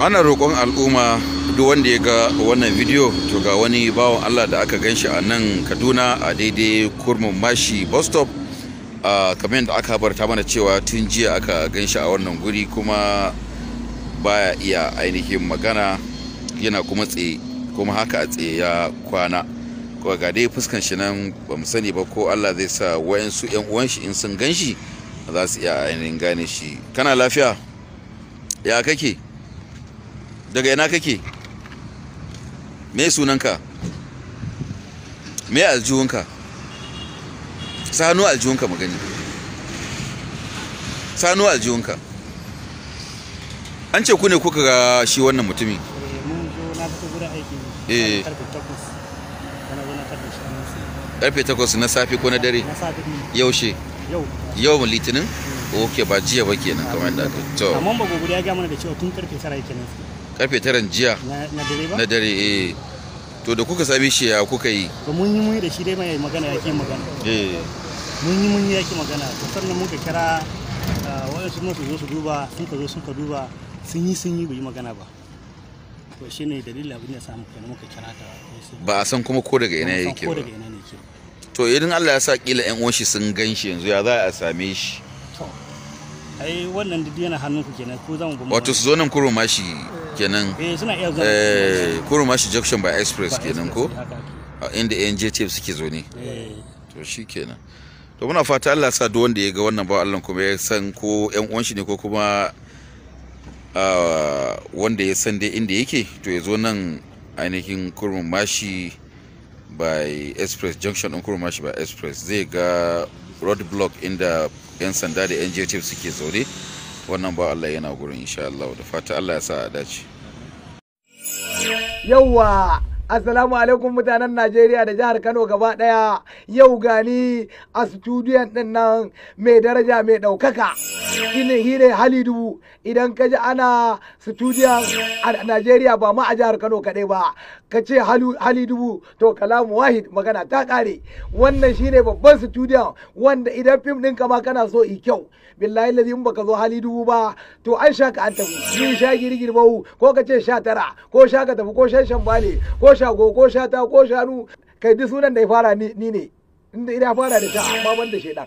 ana roƙon al'umma duk wanda ya ga wannan bidiyo to ga wani bawon allah da aka ganshi a nan kaduna a daidai kurmin mashi bus stop a kamar da aka barta mana cewa tun jiya aka gan a wannan guri kuma baya iya ainihin magana yana kuma tsaye kuma haka a tsaye ya kwana kuma ga dai fuskan shi nan ba mu sani ba ko allah zai sa wayansu yan uwan shi in sun ganshi shi za su iya ainihin gane shi kana lafiya ya kake daga ina kake me sunanka me aljihunka sanu aljihunka magani sanu aljihunka an ce ku ne kuka ga shi wannan mutumin eh, eh. karfe takwas na safe ko na dare yaushe yau litinin mm. oke ba jiya ba kenan ah, kamar da ah, to amma ba gobe ya ga mana da cewa tun karfe 9 kenan karfe taran jiya na dare eh to da kuka sami shi ya kuka yi ba mun yi mun da shi dai mai magana yake magana eh mun yi mun yake magana to sannan muka kira ah, waɗansu masu zo su duba sun ka zo sun ka duba sun yi sun yi bai magana ba to ne dalilin abin da samu kenan muka kira ta ba a san kuma ko daga ina yake ba to idan Allah ya sa kila yan uwan shi sun gan shi yanzu ya za a same shi ai wannan duk yana hannun ku kenan ko zamu gumi wato su zo nan kurma shi kenan eh, eh, kurumashi junction by express kenan ko ah, inda njtf suke zo ne eh. to shi kenan to muna fata allah sa duk wanda ya ga wannan ba allah kuma ya san ko yan uwan shi ne ko kuma ah, wanda ya san dai inda yake to ya zo nan ainihin kurumashi by express junction din kurumashi by express zai ga road block inda yan sanda da njtf suke ne wannan ba Allah yana gurin insha Allah da fata Allah ya sa a dace yawa Assalamu alaikum mutanen Najeriya da jihar Kano gaba ɗaya yau gani a sutudiyon ɗin nan mai daraja mai ɗaukaka. hine hali dubu idan ka ji ana studio a Najeriya ba ma a jihar Kano kaɗai ba ka ce hali dubu to kalamu wahid magana ta ƙare wannan shine babban studio wanda idan fim ɗinka ma kana so i kyau billahi lazi in baka zo hali dubu ba to an sha ka an tafi ni sha girgir bau ko ka ce sha tara ko sha ka tafi ko shan shambale ko shago ko sha ta ko shanu kai duk sunan da ya fara ni ne inda ina fara da ta amma ban da shaidan